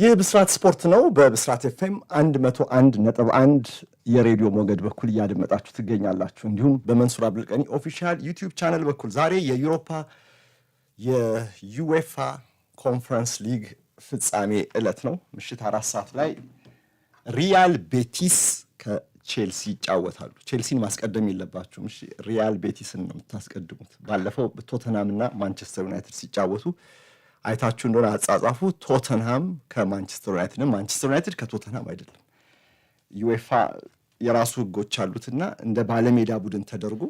ይህ ብስራት ስፖርት ነው። በብስራት ኤፍኤም ነጥብ አንድ የሬዲዮ ሞገድ በኩል እያደመጣችሁ ትገኛላችሁ። እንዲሁም በመንሱር አብዱልቀኒ ኦፊሻል ዩቲዩብ ቻናል በኩል ዛሬ የዩሮፓ የዩኤፋ ኮንፈረንስ ሊግ ፍጻሜ ዕለት ነው። ምሽት አራት ሰዓት ላይ ሪያል ቤቲስ ቼልሲ ይጫወታሉ። ቼልሲን ማስቀደም የለባችሁም። እሺ ሪያል ቤቲስን ነው የምታስቀድሙት። ባለፈው ቶተንሃምና ማንቸስተር ዩናይትድ ሲጫወቱ አይታችሁ እንደሆነ አጻጻፉ ቶተንሃም ከማንቸስተር ዩናይትድ ማንቸስተር ዩናይትድ ከቶተንሃም አይደለም። ዩኤፋ የራሱ ህጎች አሉትና እንደ ባለሜዳ ቡድን ተደርጎ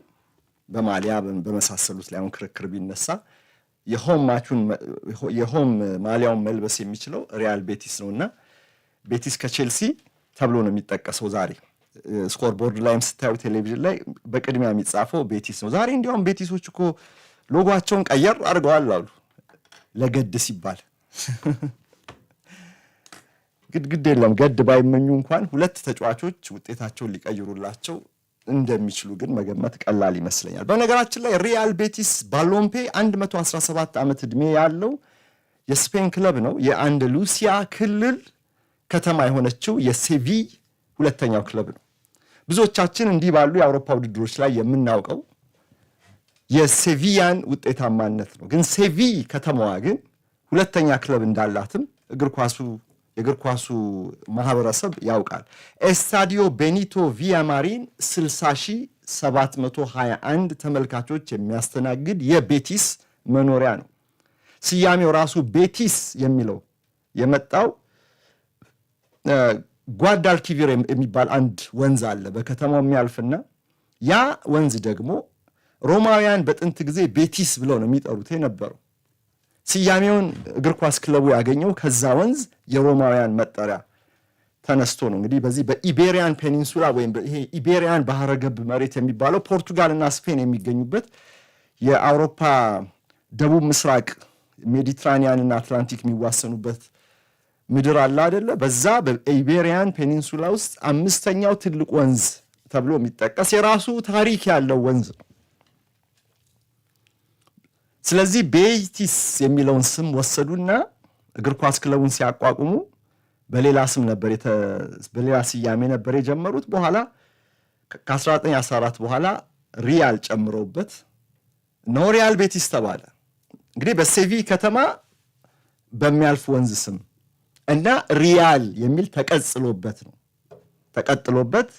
በማሊያ በመሳሰሉት ላይ አሁን ክርክር ቢነሳ የሆም ማቹን የሆም ማሊያውን መልበስ የሚችለው ሪያል ቤቲስ ነው እና ቤቲስ ከቼልሲ ተብሎ ነው የሚጠቀሰው ዛሬ ስኮር ቦርድ ላይም ስታዩ ቴሌቪዥን ላይ በቅድሚያ የሚጻፈው ቤቲስ ነው። ዛሬ እንዲያውም ቤቲሶች እኮ ሎጓቸውን ቀየር አድርገዋል አሉ ለገድ ሲባል ግድግድ የለም ገድ ባይመኙ እንኳን ሁለት ተጫዋቾች ውጤታቸውን ሊቀይሩላቸው እንደሚችሉ ግን መገመት ቀላል ይመስለኛል። በነገራችን ላይ ሪያል ቤቲስ ባሎምፔ 117 ዓመት ዕድሜ ያለው የስፔን ክለብ ነው። የአንደሉሲያ ክልል ከተማ የሆነችው የሴቪይ ሁለተኛው ክለብ ነው። ብዙዎቻችን እንዲህ ባሉ የአውሮፓ ውድድሮች ላይ የምናውቀው የሴቪያን ውጤታማነት ነው። ግን ሴቪ ከተማዋ ግን ሁለተኛ ክለብ እንዳላትም እግር ኳሱ የእግር ኳሱ ማህበረሰብ ያውቃል። ኤስታዲዮ ቤኒቶ ቪያማሪን 60721 ተመልካቾች የሚያስተናግድ የቤቲስ መኖሪያ ነው። ስያሜው ራሱ ቤቲስ የሚለው የመጣው ጓዳልኪቪር የሚባል አንድ ወንዝ አለ በከተማው የሚያልፍና ያ ወንዝ ደግሞ ሮማውያን በጥንት ጊዜ ቤቲስ ብለው ነው የሚጠሩት የነበረው። ስያሜውን እግር ኳስ ክለቡ ያገኘው ከዛ ወንዝ የሮማውያን መጠሪያ ተነስቶ ነው። እንግዲህ በዚህ በኢቤሪያን ፔኒንሱላ ወይም ይሄ ኢቤሪያን ባህረ ገብ መሬት የሚባለው ፖርቱጋልና ስፔን የሚገኙበት የአውሮፓ ደቡብ ምስራቅ ሜዲትራኒያንና አትላንቲክ የሚዋሰኑበት ምድር አለ አይደለ? በዛ በኢቤሪያን ፔኒንሱላ ውስጥ አምስተኛው ትልቅ ወንዝ ተብሎ የሚጠቀስ የራሱ ታሪክ ያለው ወንዝ ነው። ስለዚህ ቤይቲስ የሚለውን ስም ወሰዱና እግር ኳስ ክለቡን ሲያቋቁሙ በሌላ ስም ነበር በሌላ ስያሜ ነበር የጀመሩት። በኋላ ከ1914 በኋላ ሪያል ጨምረውበት ነው ሪያል ቤቲስ ተባለ። እንግዲህ በሴቪ ከተማ በሚያልፍ ወንዝ ስም እና ሪያል የሚል ተቀጽሎበት ነው ተቀጥሎበት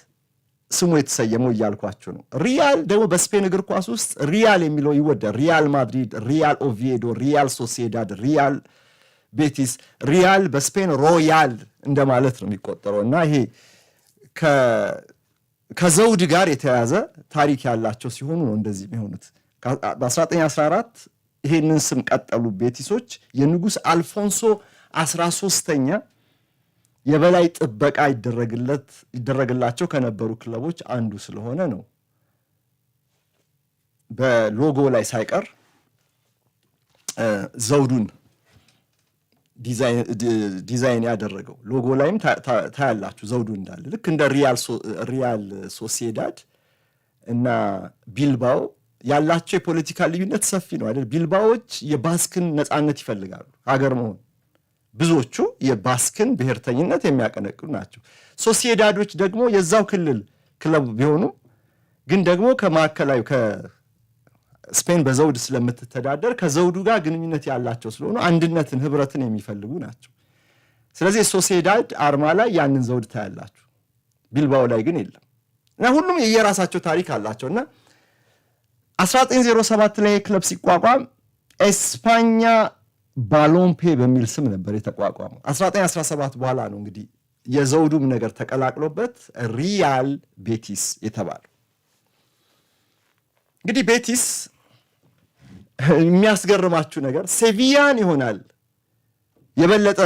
ስሙ የተሰየመው እያልኳቸው ነው። ሪያል ደግሞ በስፔን እግር ኳስ ውስጥ ሪያል የሚለው ይወዳል። ሪያል ማድሪድ፣ ሪያል ኦቪዬዶ፣ ሪያል ሶሲዳድ፣ ሪያል ቤቲስ። ሪያል በስፔን ሮያል እንደማለት ነው የሚቆጠረው እና ይሄ ከዘውድ ጋር የተያያዘ ታሪክ ያላቸው ሲሆኑ ነው እንደዚህ የሚሆኑት። በ1914 ይሄንን ስም ቀጠሉ ቤቲሶች የንጉስ አልፎንሶ አስራ ሶስተኛ የበላይ ጥበቃ ይደረግላቸው ከነበሩ ክለቦች አንዱ ስለሆነ ነው። በሎጎ ላይ ሳይቀር ዘውዱን ዲዛይን ያደረገው ሎጎ ላይም ታያላችሁ ዘውዱ እንዳለ ልክ እንደ ሪያል ሶሲዳድ እና ቢልባኦ ያላቸው የፖለቲካ ልዩነት ሰፊ ነው አይደል? ቢልባዎች የባስክን ነፃነት ይፈልጋሉ ሀገር መሆን ብዙዎቹ የባስክን ብሔርተኝነት የሚያቀነቅኑ ናቸው። ሶሲዳዶች ደግሞ የዛው ክልል ክለቡ ቢሆኑም ግን ደግሞ ከማዕከላዊ ስፔን በዘውድ ስለምትተዳደር ከዘውዱ ጋር ግንኙነት ያላቸው ስለሆኑ አንድነትን፣ ህብረትን የሚፈልጉ ናቸው። ስለዚህ የሶሲዳድ አርማ ላይ ያንን ዘውድ ታያላችሁ። ቢልባው ላይ ግን የለም እና ሁሉም የየራሳቸው ታሪክ አላቸው እና 1907 ላይ ክለብ ሲቋቋም ኤስፓኛ ባሎምፔ በሚል ስም ነበር የተቋቋመው። 1917 በኋላ ነው እንግዲህ የዘውዱም ነገር ተቀላቅሎበት ሪያል ቤቲስ የተባለው። እንግዲህ ቤቲስ የሚያስገርማችሁ ነገር ሴቪያን ይሆናል የበለጠ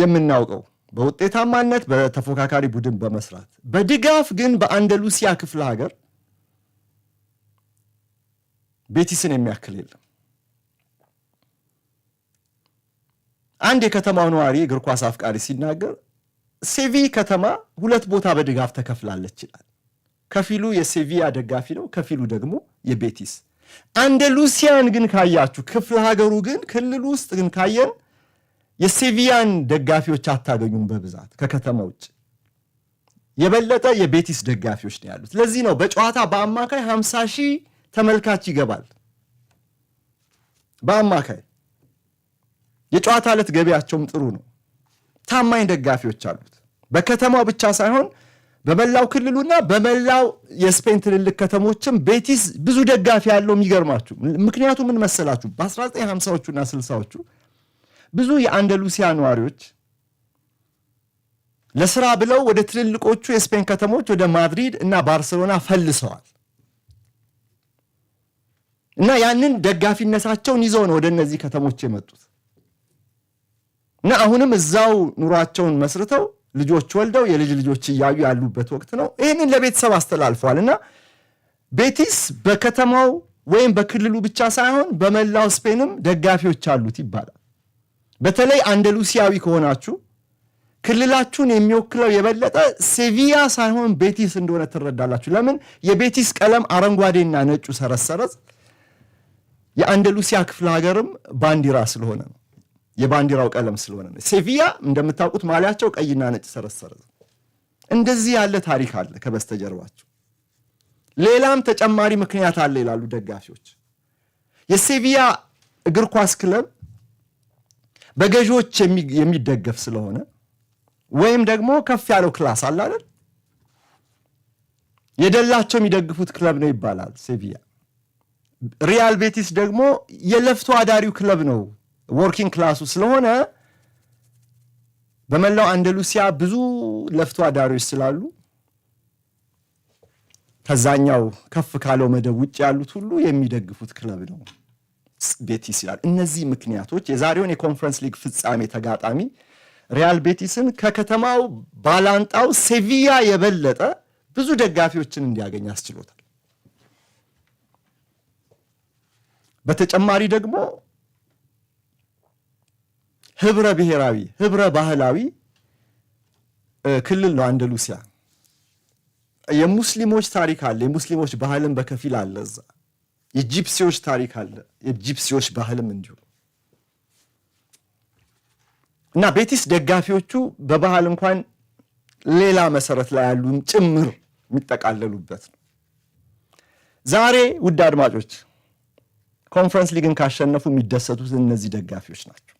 የምናውቀው በውጤታማነት በተፎካካሪ ቡድን በመስራት በድጋፍ ግን በአንደሉሲያ ክፍለ ሀገር ቤቲስን የሚያክል የለም። አንድ የከተማው ነዋሪ እግር ኳስ አፍቃሪ ሲናገር ሴቪ ከተማ ሁለት ቦታ በድጋፍ ተከፍላለች ይላል። ከፊሉ የሴቪያ ደጋፊ ነው፣ ከፊሉ ደግሞ የቤቲስ። አንደሉሲያን ግን ካያችሁ ክፍለ ሀገሩ ግን ክልል ውስጥ ግን ካየን የሴቪያን ደጋፊዎች አታገኙም በብዛት ከከተማ ውጭ የበለጠ የቤቲስ ደጋፊዎች ነው ያሉት። ለዚህ ነው በጨዋታ በአማካይ 50 ሺህ ተመልካች ይገባል በአማካይ የጨዋታ ዕለት ገቢያቸውም ጥሩ ነው። ታማኝ ደጋፊዎች አሉት። በከተማው ብቻ ሳይሆን በመላው ክልሉና በመላው የስፔን ትልልቅ ከተሞችም ቤቲስ ብዙ ደጋፊ ያለው የሚገርማችሁ ምክንያቱ ምን መሰላችሁ? በ1950ዎቹና 60ዎቹ ብዙ የአንደሉሲያ ነዋሪዎች ለስራ ብለው ወደ ትልልቆቹ የስፔን ከተሞች ወደ ማድሪድ እና ባርሴሎና ፈልሰዋል እና ያንን ደጋፊነታቸውን ይዘው ነው ወደ እነዚህ ከተሞች የመጡት። እና አሁንም እዛው ኑሯቸውን መስርተው ልጆች ወልደው የልጅ ልጆች እያዩ ያሉበት ወቅት ነው። ይህንን ለቤተሰብ አስተላልፈዋል እና ቤቲስ በከተማው ወይም በክልሉ ብቻ ሳይሆን በመላው ስፔንም ደጋፊዎች አሉት ይባላል። በተለይ አንደሉሲያዊ ከሆናችሁ ክልላችሁን የሚወክለው የበለጠ ሴቪያ ሳይሆን ቤቲስ እንደሆነ ትረዳላችሁ። ለምን? የቤቲስ ቀለም አረንጓዴና ነጩ ሰረዝ ሰረዝ የአንደሉሲያ ክፍለ ሀገርም ባንዲራ ስለሆነ ነው። የባንዲራው ቀለም ስለሆነ ነው። ሴቪያ እንደምታውቁት ማሊያቸው ቀይና ነጭ ሰረሰረ። እንደዚህ ያለ ታሪክ አለ ከበስተጀርባቸው። ሌላም ተጨማሪ ምክንያት አለ ይላሉ ደጋፊዎች። የሴቪያ እግር ኳስ ክለብ በገዢዎች የሚደገፍ ስለሆነ ወይም ደግሞ ከፍ ያለው ክላስ አለ አይደል፣ የደላቸው የሚደግፉት ክለብ ነው ይባላል። ሴቪያ ሪያል ቤቲስ ደግሞ የለፍቶ አዳሪው ክለብ ነው ወርኪንግ ክላሱ ስለሆነ በመላው አንደሉሲያ ብዙ ለፍቶ አዳሪዎች ስላሉ ከዛኛው ከፍ ካለው መደብ ውጭ ያሉት ሁሉ የሚደግፉት ክለብ ነው ቤቲስ ይላል። እነዚህ ምክንያቶች የዛሬውን የኮንፈረንስ ሊግ ፍጻሜ ተጋጣሚ ሪያል ቤቲስን ከከተማው ባላንጣው ሴቪያ የበለጠ ብዙ ደጋፊዎችን እንዲያገኝ አስችሎታል። በተጨማሪ ደግሞ ህብረ ብሔራዊ ህብረ ባህላዊ ክልል ነው አንደሉሲያ። የሙስሊሞች ታሪክ አለ፣ የሙስሊሞች ባህልም በከፊል አለ እዛ። የጂፕሲዎች ታሪክ አለ፣ የጂፕሲዎች ባህልም እንዲሁ እና ቤቲስ ደጋፊዎቹ በባህል እንኳን ሌላ መሰረት ላይ ያሉን ጭምር የሚጠቃለሉበት ነው። ዛሬ ውድ አድማጮች ኮንፈረንስ ሊግን ካሸነፉ የሚደሰቱት እነዚህ ደጋፊዎች ናቸው።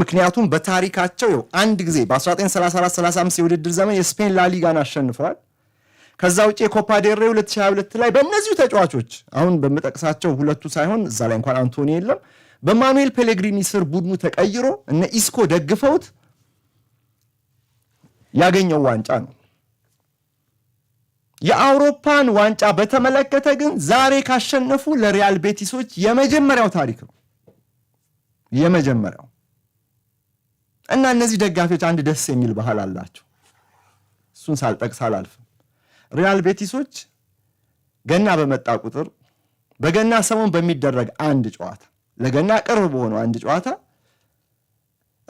ምክንያቱም በታሪካቸው ው አንድ ጊዜ በ1934/35 የውድድር ዘመን የስፔን ላሊጋን አሸንፈዋል። ከዛ ውጭ የኮፓ ዴሬ 2022 ላይ በእነዚሁ ተጫዋቾች አሁን በምጠቅሳቸው ሁለቱ ሳይሆን እዛ ላይ እንኳን አንቶኒ የለም በማኑኤል ፔሌግሪኒ ስር ቡድኑ ተቀይሮ እነ ኢስኮ ደግፈውት ያገኘው ዋንጫ ነው። የአውሮፓን ዋንጫ በተመለከተ ግን ዛሬ ካሸነፉ ለሪያል ቤቲሶች የመጀመሪያው ታሪክ ነው። የመጀመሪያው እና እነዚህ ደጋፊዎች አንድ ደስ የሚል ባህል አላቸው። እሱን ሳልጠቅስ አላልፍም። ሪያል ቤቲሶች ገና በመጣ ቁጥር በገና ሰሞን በሚደረግ አንድ ጨዋታ ለገና ቅርብ በሆነው አንድ ጨዋታ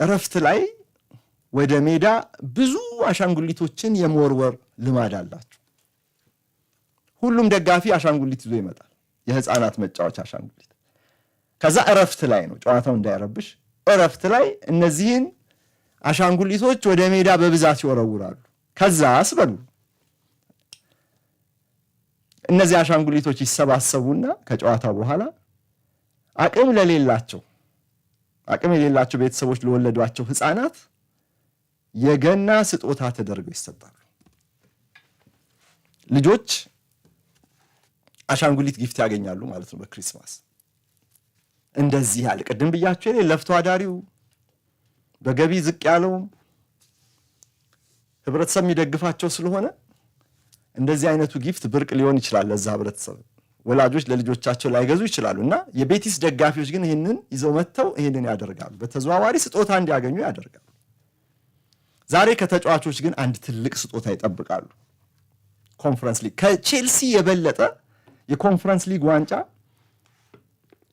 እረፍት ላይ ወደ ሜዳ ብዙ አሻንጉሊቶችን የመወርወር ልማድ አላቸው። ሁሉም ደጋፊ አሻንጉሊት ይዞ ይመጣል። የህፃናት መጫወቻ አሻንጉሊት። ከዛ እረፍት ላይ ነው ጨዋታው እንዳይረብሽ እረፍት ላይ እነዚህን አሻንጉሊቶች ወደ ሜዳ በብዛት ይወረውራሉ። ከዛ አስበሉ እነዚህ አሻንጉሊቶች ይሰባሰቡና ከጨዋታ በኋላ አቅም ለሌላቸው አቅም የሌላቸው ቤተሰቦች ለወለዷቸው ህፃናት የገና ስጦታ ተደርገው ይሰጣሉ። ልጆች አሻንጉሊት ጊፍት ያገኛሉ ማለት ነው በክሪስማስ። እንደዚህ ያለ ቅድም ብያቸው የለ ለፍቶ አዳሪው በገቢ ዝቅ ያለውም ህብረተሰብ የሚደግፋቸው ስለሆነ እንደዚህ አይነቱ ጊፍት ብርቅ ሊሆን ይችላል ለዛ ህብረተሰብ። ወላጆች ለልጆቻቸው ላይገዙ ይችላሉ እና የቤቲስ ደጋፊዎች ግን ይህንን ይዘው መጥተው ይህንን ያደርጋሉ። በተዘዋዋሪ ስጦታ እንዲያገኙ ያደርጋሉ። ዛሬ ከተጫዋቾች ግን አንድ ትልቅ ስጦታ ይጠብቃሉ። ኮንፈረንስ ሊግ ከቼልሲ የበለጠ የኮንፈረንስ ሊግ ዋንጫ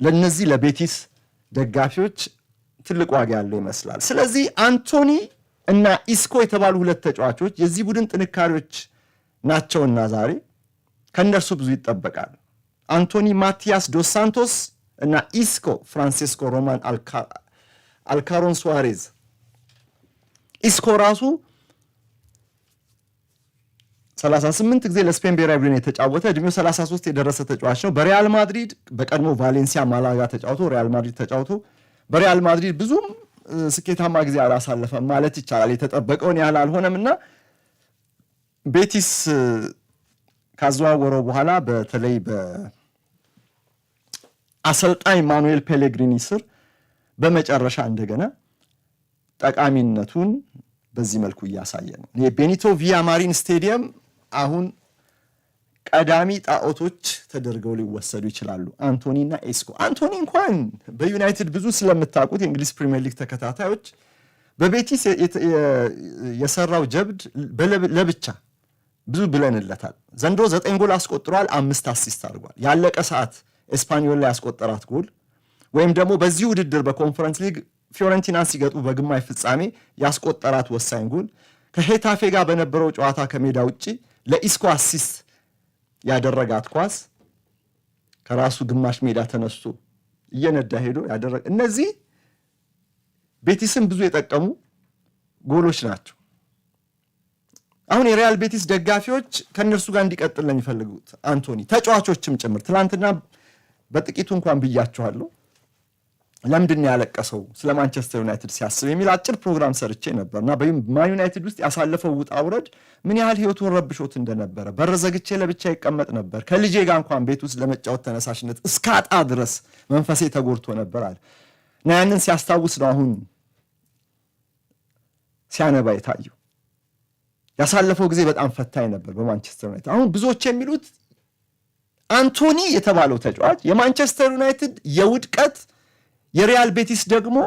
ለእነዚህ ለቤቲስ ደጋፊዎች ትልቅ ዋጋ ያለው ይመስላል። ስለዚህ አንቶኒ እና ኢስኮ የተባሉ ሁለት ተጫዋቾች የዚህ ቡድን ጥንካሬዎች ናቸውና ዛሬ ከእነርሱ ብዙ ይጠበቃል። አንቶኒ ማቲያስ ዶስ ሳንቶስ እና ኢስኮ ፍራንሲስኮ ሮማን አልካሮን ሱዋሬዝ። ኢስኮ ራሱ 38 ጊዜ ለስፔን ብሔራዊ ቡድን የተጫወተ እድሜው 33 የደረሰ ተጫዋች ነው። በሪያል ማድሪድ በቀድሞ ቫሌንሲያ ማላጋ ተጫውቶ ሪያል ማድሪድ ተጫውቶ በሪያል ማድሪድ ብዙም ስኬታማ ጊዜ አላሳለፈም ማለት ይቻላል። የተጠበቀውን ያህል አልሆነም እና ቤቲስ ካዘዋወረው በኋላ በተለይ በአሰልጣኝ ማኑኤል ፔሌግሪኒ ስር በመጨረሻ እንደገና ጠቃሚነቱን በዚህ መልኩ እያሳየ ነው። ቤኒቶ ቪያማሪን ስቴዲየም አሁን ቀዳሚ ጣዖቶች ተደርገው ሊወሰዱ ይችላሉ። አንቶኒ እና ኤስኮ። አንቶኒ እንኳን በዩናይትድ ብዙ ስለምታውቁት የእንግሊዝ ፕሪምየር ሊግ ተከታታዮች በቤቲስ የሰራው ጀብድ ለብቻ ብዙ ብለንለታል። ዘንድሮ ዘጠኝ ጎል አስቆጥሯል፣ አምስት አሲስት አድርጓል። ያለቀ ሰዓት ኤስፓኒዮል ላይ ያስቆጠራት ጎል ወይም ደግሞ በዚህ ውድድር በኮንፈረንስ ሊግ ፊዮረንቲናን ሲገጡ በግማሽ ፍጻሜ ያስቆጠራት ወሳኝ ጎል ከሄታፌ ጋር በነበረው ጨዋታ ከሜዳ ውጭ ለኢስኮ አሲስት ያደረጋት ኳስ ከራሱ ግማሽ ሜዳ ተነስቶ እየነዳ ሄዶ ያደረገ እነዚህ ቤቲስን ብዙ የጠቀሙ ጎሎች ናቸው። አሁን የሪያል ቤቲስ ደጋፊዎች ከእነርሱ ጋር እንዲቀጥል ለሚፈልጉት የሚፈልጉት አንቶኒ፣ ተጫዋቾችም ጭምር ትናንትና በጥቂቱ እንኳን ብያችኋለሁ። ለምንድን ነው ያለቀሰው ስለ ማንቸስተር ዩናይትድ ሲያስብ የሚል አጭር ፕሮግራም ሰርቼ ነበር እና በማን ዩናይትድ ውስጥ ያሳለፈው ውጣ ውረድ ምን ያህል ህይወቱን ረብሾት እንደነበረ፣ በር ዘግቼ ለብቻ ይቀመጥ ነበር፣ ከልጄ ጋር እንኳን ቤት ውስጥ ለመጫወት ተነሳሽነት እስከ አጣ ድረስ መንፈሴ ተጎድቶ ነበር አለ እና ያንን ሲያስታውስ ነው አሁን ሲያነባ የታየው። ያሳለፈው ጊዜ በጣም ፈታኝ ነበር በማንቸስተር ዩናይትድ። አሁን ብዙዎች የሚሉት አንቶኒ የተባለው ተጫዋች የማንቸስተር ዩናይትድ የውድቀት የሪያል ቤቲስ ደግሞ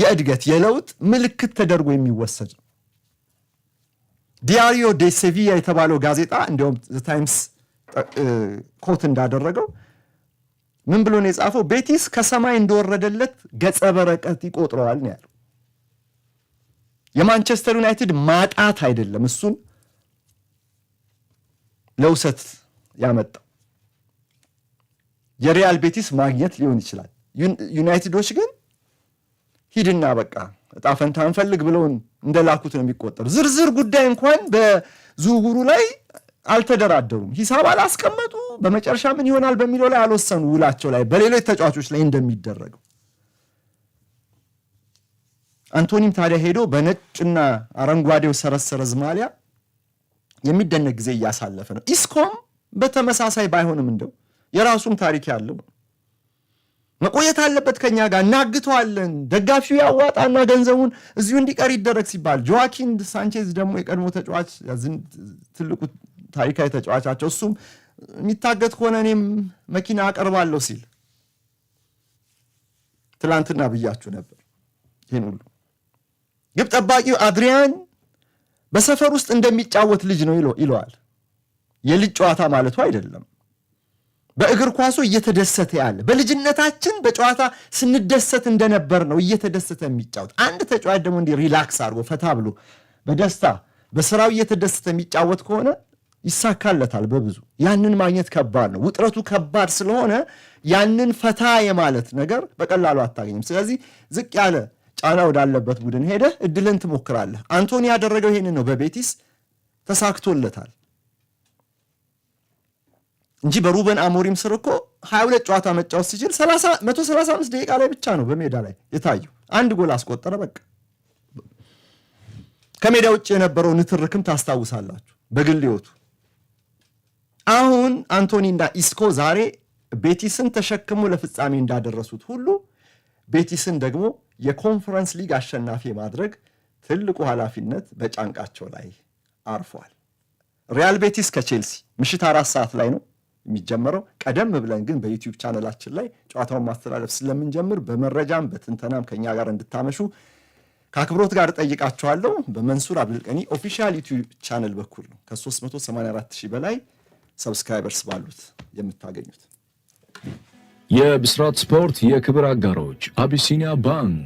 የእድገት የለውጥ ምልክት ተደርጎ የሚወሰድ ነው። ዲያሪዮ ዴ ሴቪያ የተባለው ጋዜጣ እንዲሁም ታይምስ ኮት እንዳደረገው ምን ብሎ ነው የጻፈው? ቤቲስ ከሰማይ እንደወረደለት ገጸ በረከት ይቆጥረዋል ነው ያለው። የማንቸስተር ዩናይትድ ማጣት አይደለም እሱን ለውሰት ያመጣው የሪያል ቤቲስ ማግኘት ሊሆን ይችላል። ዩናይትዶች ግን ሂድና በቃ እጣ አንፈልግ ብለውን እንደላኩት ነው የሚቆጠሩ። ዝርዝር ጉዳይ እንኳን በዝውውሩ ላይ አልተደራደሩም። ሂሳብ አላስቀመጡ። በመጨረሻ ምን ይሆናል በሚለው ላይ አልወሰኑ። ውላቸው ላይ በሌሎች ተጫዋቾች ላይ እንደሚደረገው አንቶኒም ታዲያ ሄዶ በነጭና አረንጓዴው ሰረሰረዝ ማሊያ የሚደነቅ ጊዜ እያሳለፈ ነው። ኢስኮም በተመሳሳይ ባይሆንም እንደው የራሱም ታሪክ ያለው ነው። መቆየት አለበት ከኛ ጋር እናግተዋለን፣ ደጋፊው ያዋጣና ገንዘቡን እዚሁ እንዲቀር ይደረግ ሲባል ጆዋኪን ሳንቼዝ ደግሞ የቀድሞ ተጫዋች ትልቁ ታሪካዊ ተጫዋቻቸው እሱም የሚታገት ከሆነ እኔም መኪና አቀርባለሁ ሲል ትላንትና ብያችሁ ነበር። ይህን ሁሉ ግብ ጠባቂው አድሪያን በሰፈር ውስጥ እንደሚጫወት ልጅ ነው ይለዋል። የልጅ ጨዋታ ማለቱ አይደለም። በእግር ኳሱ እየተደሰተ ያለ በልጅነታችን በጨዋታ ስንደሰት እንደነበር ነው እየተደሰተ የሚጫወት አንድ ተጫዋች ደግሞ እንዲህ ሪላክስ አድርጎ ፈታ ብሎ በደስታ በስራው እየተደሰተ የሚጫወት ከሆነ ይሳካለታል በብዙ ያንን ማግኘት ከባድ ነው ውጥረቱ ከባድ ስለሆነ ያንን ፈታ የማለት ነገር በቀላሉ አታገኝም ስለዚህ ዝቅ ያለ ጫና ወዳለበት ቡድን ሄደህ እድልን ትሞክራለህ አንቶኒ ያደረገው ይሄንን ነው በቤቲስ ተሳክቶለታል እንጂ በሩበን አሞሪም ስር እኮ 22 ጨዋታ መጫወት ሲችል 135 ደቂቃ ላይ ብቻ ነው በሜዳ ላይ የታየው። አንድ ጎል አስቆጠረ። በቃ ከሜዳ ውጭ የነበረው ንትርክም ታስታውሳላችሁ በግል ሕይወቱ። አሁን አንቶኒና ኢስኮ ዛሬ ቤቲስን ተሸክሞ ለፍጻሜ እንዳደረሱት ሁሉ ቤቲስን ደግሞ የኮንፈረንስ ሊግ አሸናፊ ማድረግ ትልቁ ኃላፊነት በጫንቃቸው ላይ አርፏል። ሪያል ቤቲስ ከቼልሲ ምሽት አራት ሰዓት ላይ ነው። የሚጀመረው። ቀደም ብለን ግን በዩቲዩብ ቻነላችን ላይ ጨዋታውን ማስተላለፍ ስለምንጀምር በመረጃም በትንተናም ከኛ ጋር እንድታመሹ ከአክብሮት ጋር ጠይቃችኋለሁ። በመንሱር አብዱልቀኒ ኦፊሻል ዩቲዩብ ቻነል በኩል ነው ከ384 ሺህ በላይ ሰብስክራይበርስ ባሉት የምታገኙት። የብስራት ስፖርት የክብር አጋሮች አቢሲኒያ ባንክ